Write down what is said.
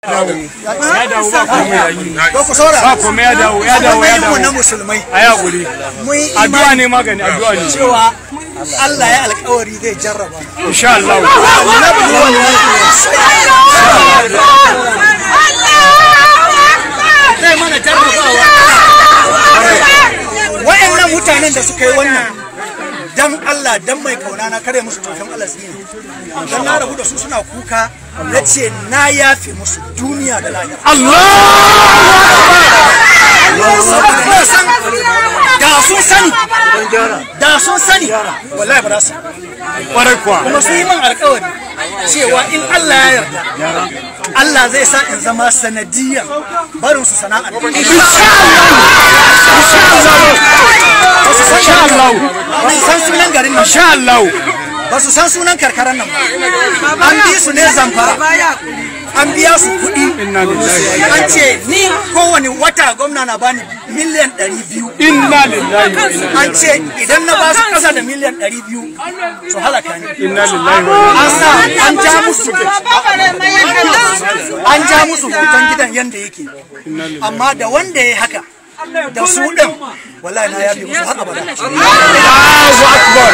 ya dawo ya dawo ya dawo ne magani addu'a cewa Allah ya alkawari zai jarraba insha Allah zai mana jarrabawa wa'annan mutanen da suka yi wannan dan Allah dan mai kauna na kare musu tofin Allah zini dan na rabu da su suna kuka na ce na yafe musu duniya da lafiya Allah da sun sani da sun sani wallahi ba su kwarai kuwa kuma sun yi min alkawari cewa in Allah ya yarda Allah zai sa in zama sanadiyar barin su sana'a insha Allah insha Allah garin nan sha Allah ba su san sunan karkaran nan an bi su ne zamfara an biya su kuɗi an ce ni kowane wata gwamna na bani miliyan ɗari biyu inna lillahi an ce idan na ba su ƙasa da miliyan ɗari biyu su halaka ne inna lillahi an sa an ja musu an ja musu hoton gidan yadda yake amma da wanda ya haka da su ɗin wallahi na yabi musu haka ba da